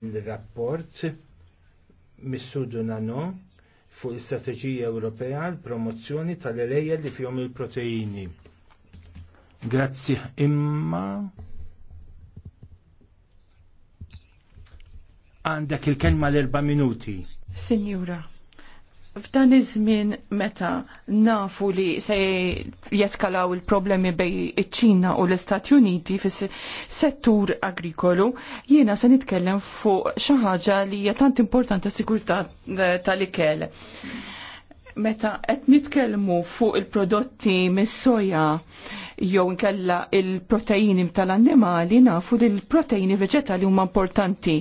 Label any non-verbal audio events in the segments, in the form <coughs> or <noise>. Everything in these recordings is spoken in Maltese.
il-rapport mis-sudu nano fuq l-Istrateġija Ewropea l promozzjoni tal-elejja li fihom il-proteini. Grazzi imma għandek il-kelma l-erba' minuti. Signora, F'dan iż-żmien meta nafu li se jeskalaw il-problemi bej iċ-Ċina u l-Istati Uniti fis-settur agrikolu, jiena se nitkellem fuq xi ħaġa li hija tant importanti sigurtà tal-ikel. Meta qed nitkellmu fuq il-prodotti mis-soja jew nkella il-proteini tal-annimali nafu li l-proteini veġetali huma importanti.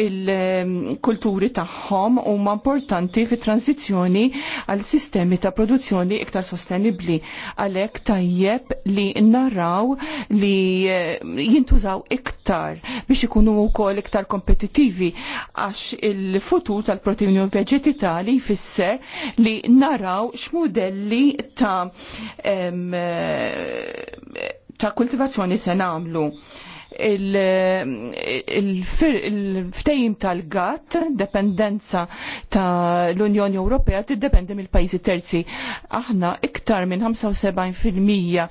Il-kulturi tagħhom huma importanti fit tranzizzjoni għal sistemi ta' produzzjoni iktar sostenibbli. Għalhekk tajjeb li naraw li eh, jintużaw iktar biex ikunu wkoll iktar kompetittivi għax il-futur tal-proteini veġetali jfisser li naraw x'modelli ta' em, ta' kultivazzjoni se nagħmlu il-ftejim tal-GATT, dependenza ta' l-Unjoni Ewropea tiddependi mill-pajjiżi terzi. Aħna iktar minn 75%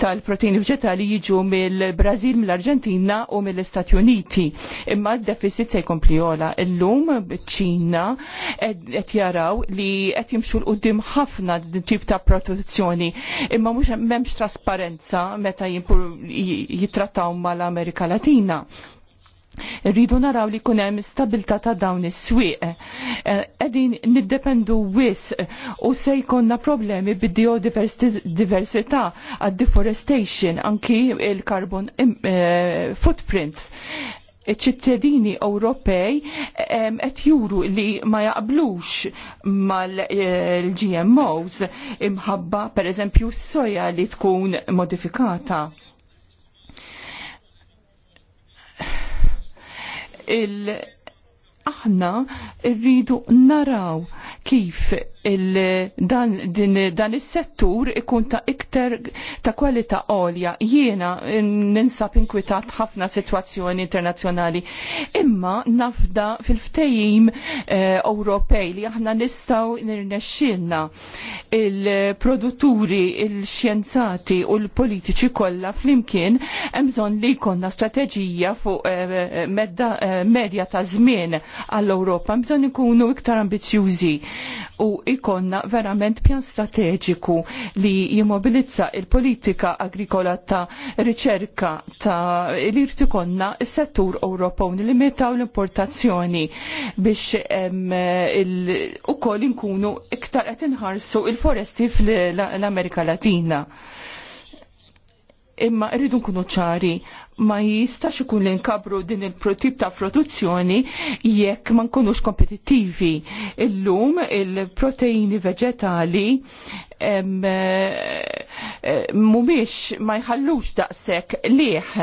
tal-proteini vegetali jiġu mill-Brażil, mill-Arġentina u mill-Istati Uniti. Imma d-deficit se jkompli jola. Illum ċina qed jaraw li qed jimxu l-qudiem ħafna tip ta' produzzjoni, Imma mhux m'hemmx trasparenza meta jitrattaw mala amerika Latina. Rridu naraw li kun hemm stabilta ta' dawn is-swieq. Qegħdin eh, niddependu wis u se jkollna problemi bid-biodiversità għad-deforestation anki il-carbon eh, footprints ċittadini Ewropej qed juru li ma jaqblux mal-GMOs eh, imħabba pereżempju s-soja li tkun modifikata il- aħna rridu naraw kif dan, din, dan is-settur ikun ta' iktar ta' kwalità għolja. Jiena ninsab inkwitat ħafna sitwazzjoni internazzjonali. Imma nafda fil-ftejim eh, Ewropej li aħna nistgħu nirnexxilna il-produtturi, il-xjenzati u l-politiċi kollha flimkien hemm bżonn li jkollna strateġija fuq eh, eh, medja ta' żmien għall-Ewropa. Bżonn ikunu iktar ambizzjużi u ikonna verament pjan strateġiku li jimmobilizza il-politika agrikola ta' riċerka ta' li irtikonna il-settur Ewropew nilimitaw l-importazzjoni biex u koll inkunu iktar qed inħarsu il-foresti fl-Amerika Latina imma rridu nkunu ċari ma jistax ikun li nkabru din il-protip ta' produzzjoni jekk ma nkunux kompetittivi. Illum il-proteini veġetali eh, eh, mumiex ma jħallux daqsek liħ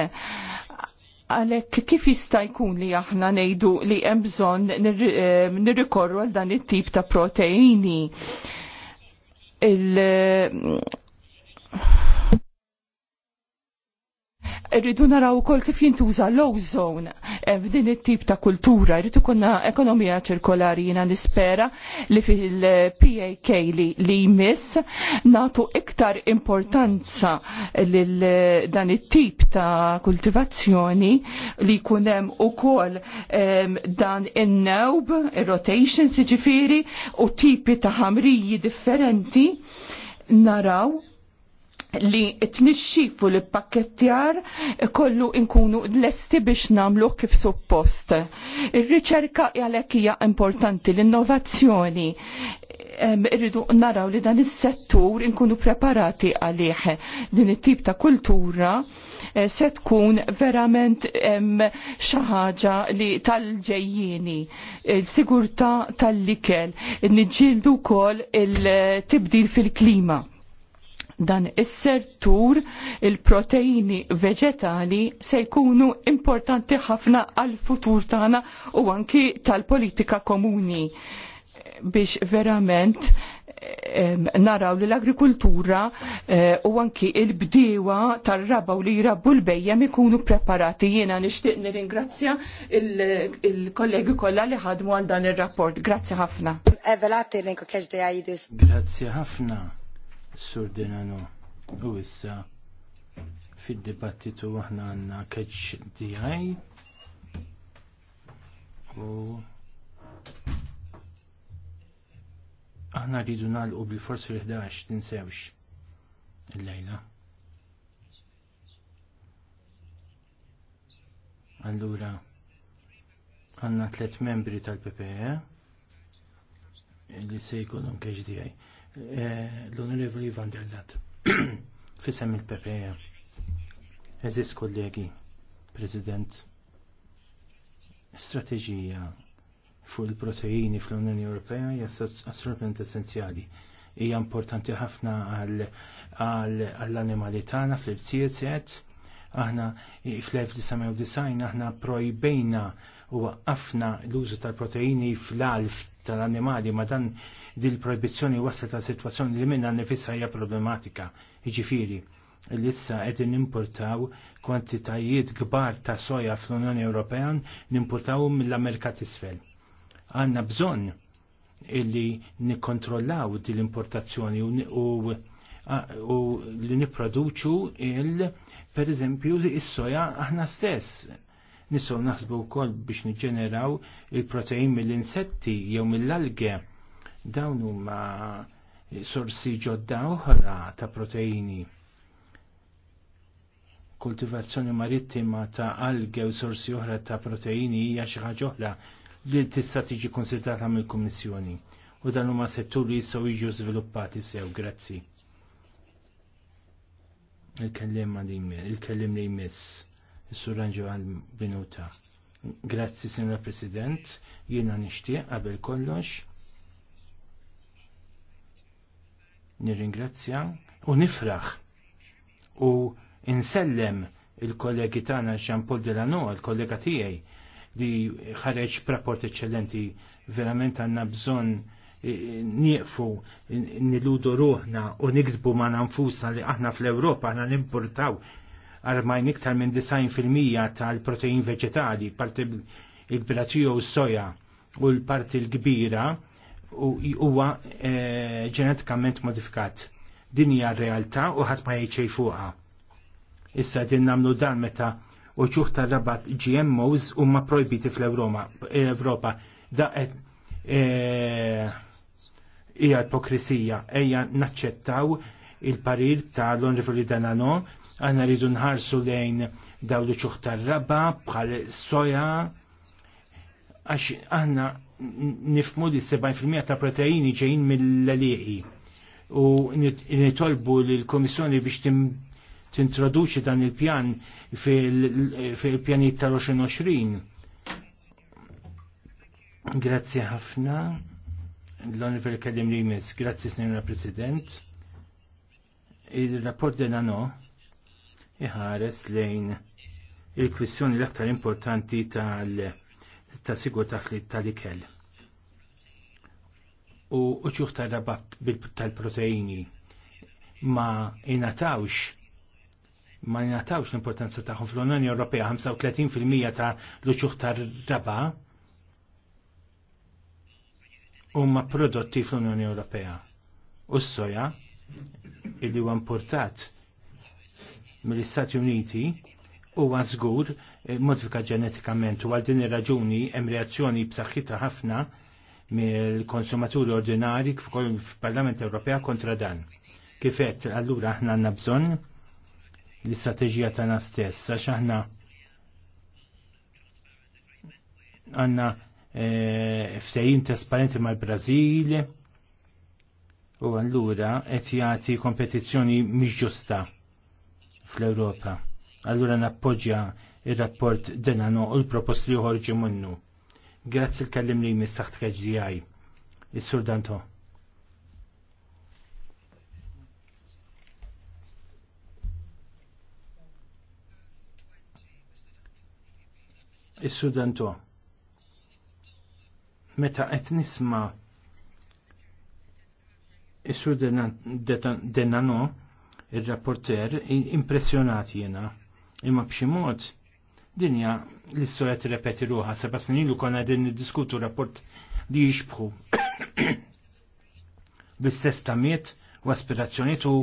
għalek kif jista' jkun li aħna nejdu li hemm bżonn eh, nirrikorru għal dan it-tip ta' proteini il rridu naraw ukoll kif jintuża l-ozone eh, f'din it-tip ta' kultura, jrid ikunna ekonomija ċirkolari jiena nispera li fil-PAK li, li jmiss natu iktar importanza lil eh, dan it-tip ta' kultivazzjoni li jkun hemm ukoll ehm, dan in-newb, rotations jiġifieri u tipi ta' ħamriji differenti naraw li t-nixxi fu li pakkettjar kollu inkunu l-esti biex namluħ kif suppost. Il-riċerka jgħalek hija importanti, l-innovazzjoni. Irridu naraw li dan is-settur inkunu preparati għalih. Din it-tip ta' kultura eh, se tkun verament xi ħaġa li tal-ġejjieni, il-sigurtà tal-likel, niġġieldu wkoll il-tibdil fil-klima dan is-sertur il-proteini veġetali se jkunu importanti ħafna għal futur tagħna u anki tal-politika komuni biex verament naraw li l-agrikultura eh, u anki il-bdiewa tar-raba u li jirabbu l-bejjem ikunu preparati. Jiena nixtieq nirringrazzja il-kollegi kollha li ħadmu għal dan ir-rapport. Grazzi ħafna. Grazzi ħafna. Sur U issa fid-dibattitu aħna għandna keċ DI u aħna rridu nagħlqu bil-fors fil-11 tinsewx il-lejla. Allura, għandna tliet membri tal-PPE li se keċ diħaj. Eh, l-Onorevoli Van der Lat. Fissem il-PPE. Eżis kollegi, President, strategija fuq il-proteini fl-Unjoni Ewropea hija assolutament essenzjali. Hija importanti ħafna għall-animali tagħna fl-irtijiet aħna fl-1990 aħna projbejna u waqqafna l-użu tal-proteini fl-alf tal-animali ma dan dil proibizzjoni waslet ta' situazzjoni li minna nifissa hija problematika. Jiġifieri, li issa għedin nimportaw kwantitajiet kbar ta' soja fl-Unjoni Ewropea nimportaw mill-Amerika Isfel. Għandna bżonn illi nikkontrollaw din l-importazzjoni u u li nipproduċu il per eżempju is-soja aħna stess. Nistgħu naħsbu wkoll biex niġġeneraw il-protein mill-insetti jew mill-alge Dawn huma sorsi ġodda oħra ta' proteini. Kultivazzjoni marittima ta' alge u sorsi oħra ta' proteini hija xi ħaġa oħra li tista' tiġi konsidrata mill-Kummissjoni u dan huma setturi jistgħu jiġu żviluppati sew grazzi. Il-kellim li il-kellim li jmiss, is-surranġu għal binuta. Grazzi, Sinra President, jiena nixtieq qabel kollox nirringrazzja u nifraħ u insellem il-kollegi tagħna Jean Paul Delano, il-kollega tiegħi li ħareġ rapport eċċellenti verament għandna bżonn eh, nieqfu niludu ruħna u nikdbu ma' nanfusna li aħna fl-Ewropa aħna nimportaw armajn iktar minn 90% tal-protein veġetali, parti il-bratiju u s soja u l-parti l-kbira huwa eh, ġenetikament modifikat. Din hija r-realtà u ħadd ma jgħid fuqha. Issa din nagħmlu dan meta uċuħ ta' rabat GMOs huma projbiti fl-Ewropa. Da qed eh, hija ipokrisija ejja naċċettaw il-parir ta' l-Onrifoli Danano għanna rridu nħarsu lejn daw li ċuħ tar-raba bħal soja għax għanna nifmu li 70% ta' proteini ġejjin mill leħi u nitolbu l-Komissjoni biex tintroduċi dan il-pjan fil-pjanit tal-2020. Grazzi ħafna l-Oniver Kadim Rimes, s-Nirna President. Il-rapport dena no iħares lejn il-kwistjoni l-aktar importanti tal- ta' sigurta tal-ikel. U uċuħ ta' rabat tal-proteini ma inatawx ma inatawx l-importanza tagħhom fl-Unjoni Ewropea 35% ta' l-uċuħ tar-raba ma prodotti fl-Unjoni Ewropea. U s-soja li huwa importat mill-Istati Uniti huwa żgur eh, modifika ġenetikament u għal din ir-raġuni hemm reazzjoni b'saħħitha ħafna mill-konsumaturi ordinari f'Parlament Ewropea kontra dan. Kifet, allura aħna għandna bżonn l-istrateġija tagħna stess għax aħna għandna e, ftehim trasparenti mal-Brażil u allura qed jagħti kompetizzjoni mhix ġusta fl-Ewropa Allura nappoġġja ir rapport Denano u l-propost li uħorġu minnu. Grazzi l-kellim li mistaħt KGI. Is-Sur Danto. is sur Danto. Meta qed nisma' is sur Denano, ir-rapporter, impressjonati jiena Imma b'xi mod dinja l qed tirrepeti ruħa seba' snin konna din niddiskutu rapport li jixbħu <coughs> bl-istess tamiet u aspirazzjoniet u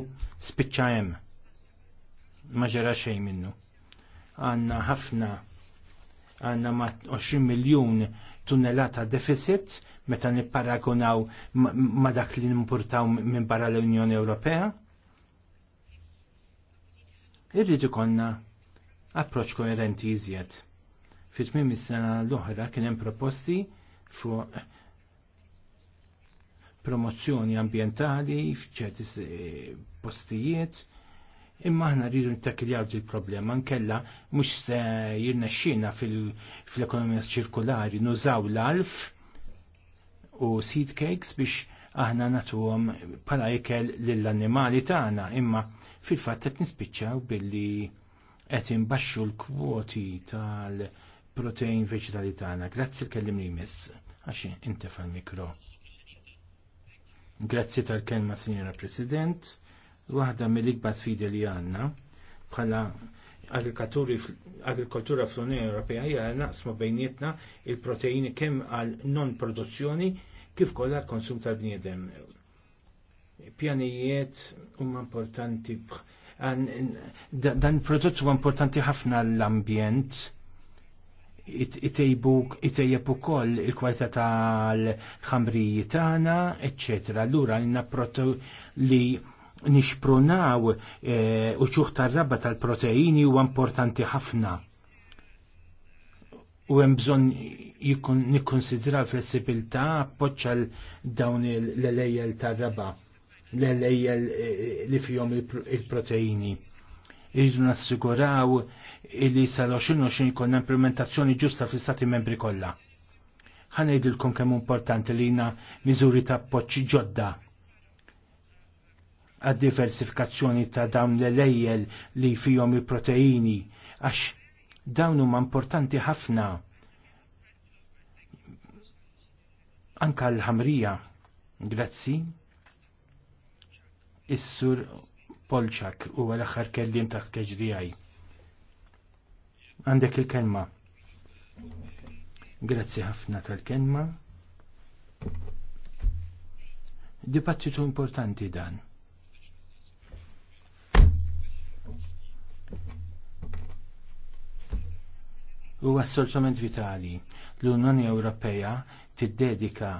spiċċa hemm. Ma ġara xejn minnu. Għandna ħafna għandna ma 20 miljun tunnellata deficit meta nipparagunaw ma dak li nimportaw minn barra l-Unjoni Ewropea. Irrid konna approċ koerenti iżjed. Fitmim is-sena l-oħra kien hemm proposti fuq promozzjoni ambjentali f'ċerti eh, postijiet, imma aħna rridu nittakiljaw il problema nkella mhux se jirnexxina fil-ekonomija ċirkulari nużaw l-alf u seed cakes biex aħna natuhom bħala ikel lill-annimali tagħna, imma fil-fatt qed nispiċċaw billi qed imbaxxu l-kwoti tal-protein veġitali tagħna. Grazzi l miss għax intefa' l-mikro. Grazzi tal-kelma, Sinjora President. Waħda mill-ikbar sfidi li għandna bħala agrikoltura fl-Unjoni Ewropea hija naqsmu bejnietna il-proteini kemm għal non produzzjoni kif kollha l-konsum tal-bniedem. Pjanijiet huma importanti Dan prodott huwa importanti ħafna l-ambjent itejjeb ukoll il-kwalità tal ħamriji tagħna, eċċetera. Allura napprotu li nixprunaw eh, u ċuħ tar-raba tal-proteini huwa importanti ħafna. U hemm bżonn nikkonsidraw l-flessibilità appoġġa dawn l-elejjel tar-raba l-lejjel eh, li fihom il-proteini. Irridu nassiguraw li sal-20 jkollna implementazzjoni ġusta fl-Stati membri kollha. Ħanejdilkom kemm importanti li jina miżuri ta' appoġġ ġodda għad-diversifikazzjoni ta' dawn l-lejjel li fihom il-proteini għax dawn huma importanti ħafna anka l-ħamrija. Grazzi. Is-sur Polċak u għal-axar kellim taħt KGDI. Għandek il-kelma. Grazzi ħafna tal-kelma. Dibattitu importanti dan. U assolutament vitali l-Unjoni Ewropea tiddedika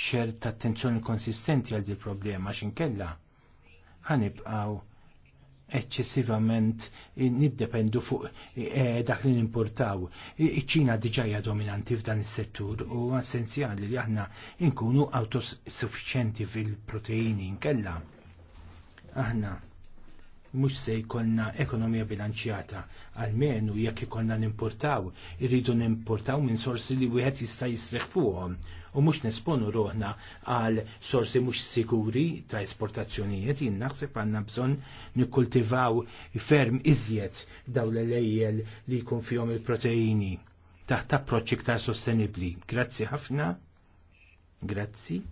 ċerta attenzjoni konsistenti għal di problema xinkella ħanibqaw eċċessivament niddependu fuq e, dak li nimportaw. Iċ-Ċina diġajja dominanti f'dan is-settur u essenzjali li aħna nkunu autosuffiċenti fil-proteini nkella. Aħna mux se jkollna ekonomija bilanċjata, għalmenu jekk ikollna nimportaw, irridu nimportaw minn sorsi li wieħed jista' jisreħ fuqhom u mhux nesponu roħna għal sorsi mhux sikuri ta' esportazzjonijiet, jien naħseb għandna bżonn nikkultivaw ferm iżjed dawn l-lejjel li jkun fihom il-proteini taħt approċċ iktar sostenibbli. Grazzi ħafna. Grazzi.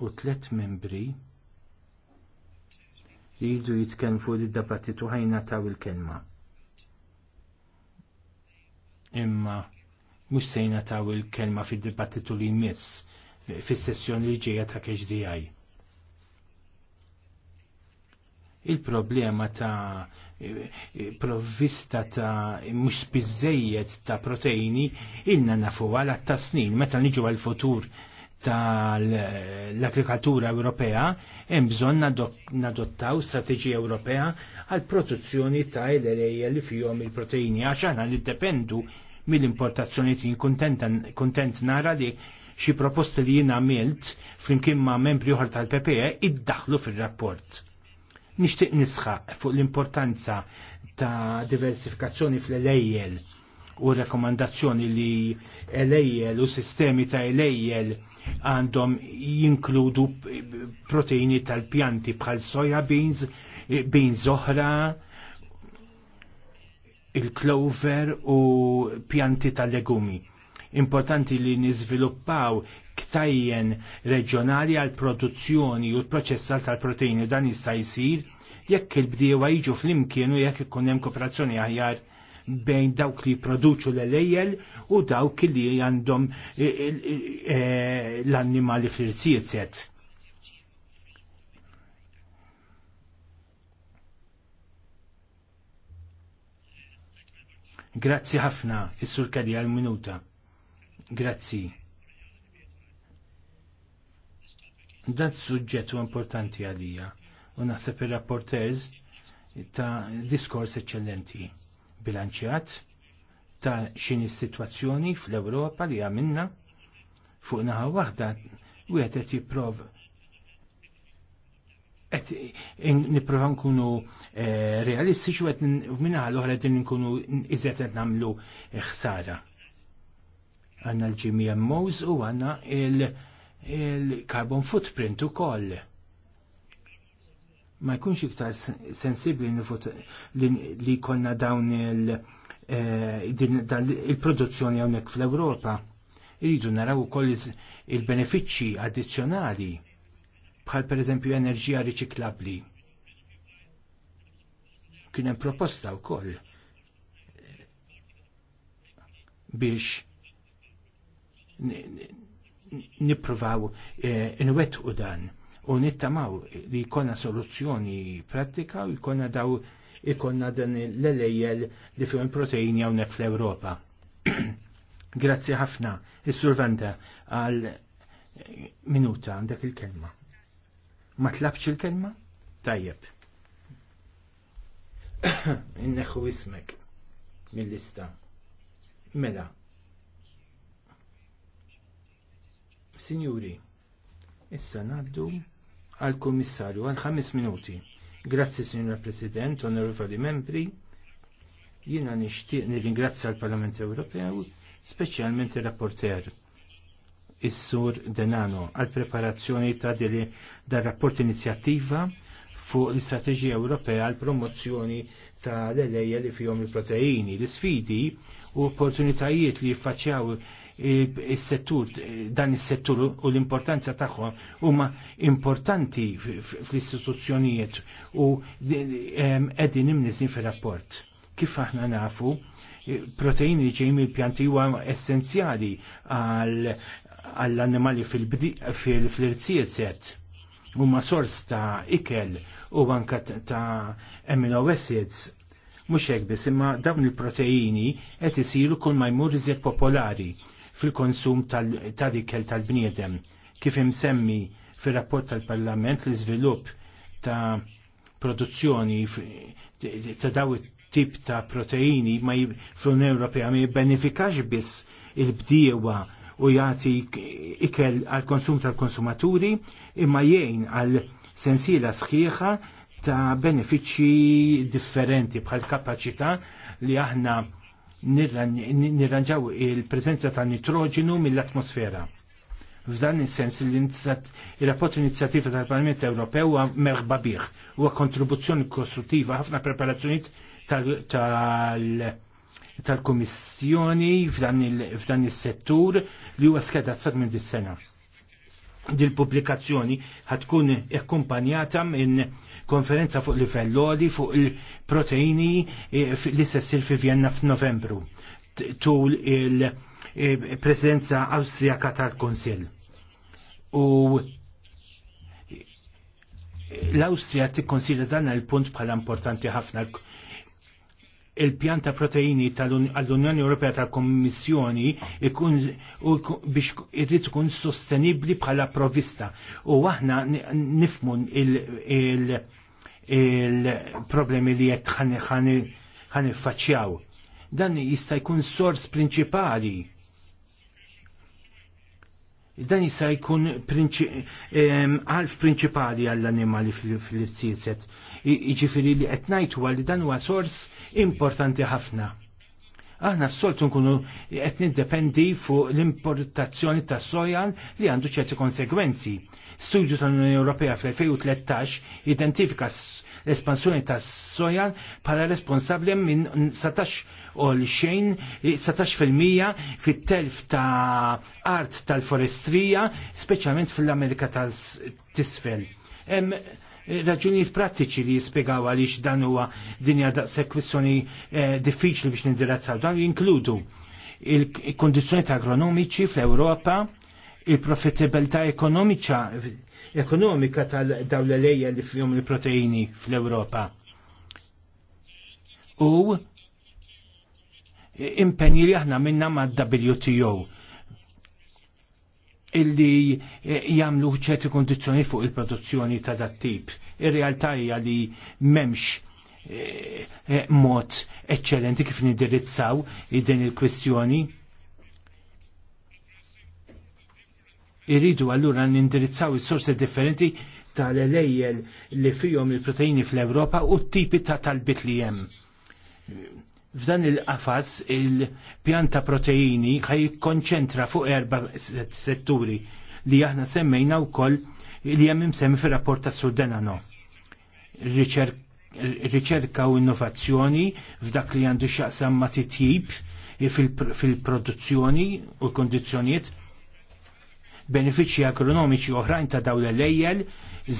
u tliet membri jridu jitkenfu li d-dabatitu ħajna taw il-kelma. Imma mhux sejna taw il-kelma fid-dibattitu li jmiss fis-sessjoni li ġejja ta' KHDI. Il-problema ta' provvista ta' mhux biżejjed ta' proteini ilna nafu għal ta' snin meta niġu għal futur tal-agrikoltura Ewropea hemm bżonn nadottaw strateġija Ewropea għal produzzjoni ta' l-erejja li fihom il-proteini għax aħna niddependu mill-importazzjoni tin kuntent nara li xi proposti li jien għamilt flimkien ma' membri oħra tal-PPE iddaħlu fir-rapport. Nixtieq nisħaq fuq l-importanza ta' diversifikazzjoni fl-elejjel u rekomandazzjoni li elejjel u sistemi ta' elejjel għandhom jinkludu proteini tal-pjanti bħal soja beans, beans oħra, il-clover u pjanti tal-legumi. Importanti li niżviluppaw ktajjen reġjonali għal produzzjoni u l-proċessar tal-proteini dan jista' jsir jekk il-bdiewa jiġu fl-imkien u jekk ikun hemm kooperazzjoni aħjar bejn dawk li produċu l-elejjel u dawk li għandhom e, e, e, l-annimali fl Grazzi ħafna, is-sur għal minuta Grazzi. Dan suġġettu importanti għalija u naħseb ir rapporters ta' diskors eccellenti bilanċjat ta' xini situazzjoni fl-Ewropa li għamilna fuq naħa waħda u qed jipprov qed nipprova nkunu eh, realistiċi u qed minnaħa l-oħra qed nkunu izzet qed nagħmlu xsara. Eh, għandna l-GMMOs u għandna il-carbon footprint ukoll ma jkunx iktar sensibli li jkollna dawn il-produzzjoni hawnhekk fl-Ewropa. Iridu naraw ukoll il-benefiċċji addizzjonali bħal pereżempju enerġija riċiklabbli. Kien hemm proposta wkoll biex nippruvaw u dan u nittamaw li jkollna soluzzjoni pratika u jkollna daw ikonna dan l-lejjel li fjom proteini għawnek fl-Ewropa. <clears throat> Grazzi ħafna, is survanta għal minuta għandek il-kelma. Ma tlabx il-kelma? Tajjeb. <clears throat> Inneħu ismek mill-lista. Mela. Signori, issa naddu għal-Kummissarju għal ħames minuti. Grazzi, Signor President, onorevoli membri, jiena nixtieq nirringrazzja l-Parlament Ewropew, speċjalment ir-rapporter is-sur Denano għal preparazzjoni ta' dili dar rapport inizjattiva fuq l-Istrateġija Ewropea għal promozzjoni ta' l-elejja li fihom il-proteini, l-sfidi u opportunitajiet li jiffaċċjaw il-settur, dan il-settur u l-importanza tagħhom huma importanti fl-istituzzjonijiet u qegħdin imnizni fir-rapport. Kif aħna nafu, proteini li il pjanti huwa essenzjali għall-annimali fil-irzijiet set huma sors ta' ikel u anka ta' amino acids mhux hekk biss imma dawn il-proteini qed isiru kull ma jmur iżjed popolari fil-konsum tal-ikel tal-bniedem. Kif imsemmi fil-rapport tal-Parlament l iżvilupp ta' produzzjoni ta' daw tip ta' proteini ma fl-Unjoni Ewropea ma jibbenefikax biss il-bdiewa u jagħti ikel għal konsum tal-konsumaturi imma jgħin għal sensiela sħiħa ta' benefiċċji differenti bħal kapaċità li aħna nirranġaw il-prezenza ta' nitrogenu mill-atmosfera. F'dan is-sens il-rapport inizjativa tal-Parlament Ewropew huwa merħba bih, huwa kontribuzzjoni kostruttiva ħafna preparazzjonijiet tal-Kummissjoni f'dan is-settur li huwa skedazzat minn dis-sena dil-publikazzjoni ħatkun ekkumpanjata minn konferenza fuq l livelloli fuq il-proteini eh, li sessir fi Vienna f'Novembru tul il-prezidenza eh, Awstrijaka tal-Konsil. U l-Awstrija tikkonsidra dan il-punt bħala importanti ħafna il-pjan ta' proteini tal-Unjoni Ewropea tal-Kommissjoni ikun biex irrid ikun sostenibbli bħala provista. U aħna nifmu il-problemi li qed ħan iffaċċjaw. Dan jista' jkun sors prinċipali dan jista' jkun għalf prinċipali għall-annimali fil-irsiset. Jiġifieri li qed u li dan huwa sors importanti ħafna. Aħna s-soltu nkunu qed nindependi fuq l-importazzjoni ta' sojan li għandu ċerti konsegwenzi. Studju tal-Unjoni Ewropea fl-2013 identifika l-espansjoni ta' sojan bħala responsabbli minn 17 l xejn 17% fit-telf ta' art tal-forestrija, speċjalment fl-Amerika tal tisfel raġunijiet prattiċi li jispjegaw għaliex dan huwa dinja daqshekk kwistjoni eh, diffiċli biex nindirazzaw dan jinkludu il-kondizzjoni agronomiċi fl-Ewropa, il-profitabilità ekonomiċa ekonomika tal l lejja li fjom il-proteini fl-Ewropa. U impenji li aħna minna ma' WTO illi jagħmlu ċerti kondizjoni fuq il-produzzjoni ta' dat tip. Ir-realtà hija li m'hemmx eh, eh, mod eccellenti kif nindirizzaw din il-kwestjoni. Irridu allura nindirizzaw is sorsi differenti tal-elejjel li fihom il-proteini fl-Ewropa u t-tipi ta' talbit li hemm F'dan il-qafas il-pjanta proteini ħaj konċentra fuq erba setturi li aħna semmejna wkoll li hemm imsemmi fir-rapport ta' Sudanano. Riċerka u innovazzjoni f'dak li għandu x'aqsam ma' titjib fil-produzzjoni u l-kondizzjonijiet benefiċċji agronomiċi oħrajn ta' dawn l-ejjel,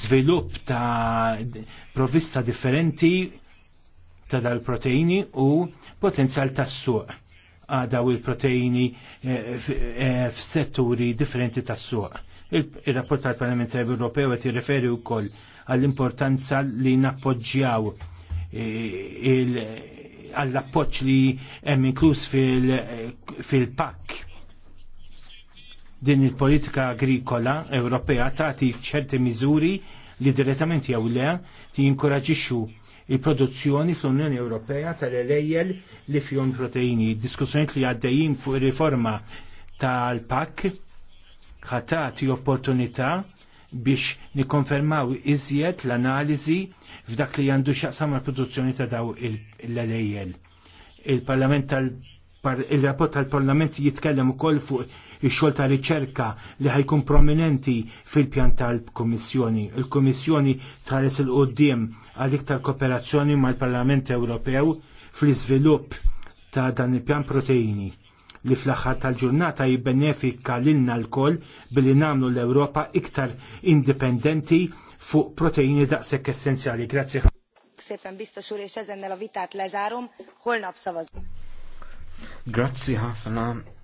żvilupp ta' provista differenti ta' dal-proteini u potenzjal tas-suq għadaw il-proteini eh, eh, f'setturi differenti tas-suq. Il-rapport tal-Parlament Ewropew għet jirreferi wkoll għall-importanza li nappoġġjaw eh, għall-appoġġ li hemm inkluż fil pak Din il-politika agrikola Ewropea tagħti ċerti miżuri li direttament jew le tinkoraġixxu il-produzzjoni fl-Unjoni Ewropea tal-elejjel li fjom proteini. Diskussjoniet li għaddejjin fuq riforma tal-PAK ħatati opportunità biex nikonfermaw iżjed l-analiżi f'dak li għandu xaqsam l-produzzjoni ta' daw l-elejjel. Il-parlament tal-rapport tal-parlament jitkellem ukoll fuq ix-xogħol ta' riċerka li ħajkun prominenti fil-pjan tal-Kummissjoni. Il-Kummissjoni tħares il-qoddim għal iktar kooperazzjoni mal-Parlament Ewropew fl-iżvilupp ta' dan il-pjan proteini li fl-axħar tal-ġurnata jibbenefika l-inna l-koll billi namlu l-Europa iktar indipendenti fuq proteini daqshekk essenzjali. Grazzi. Szépen biztos úr, és ezennel a vitát lezárom, holnap szavazunk. Grazzi ħafna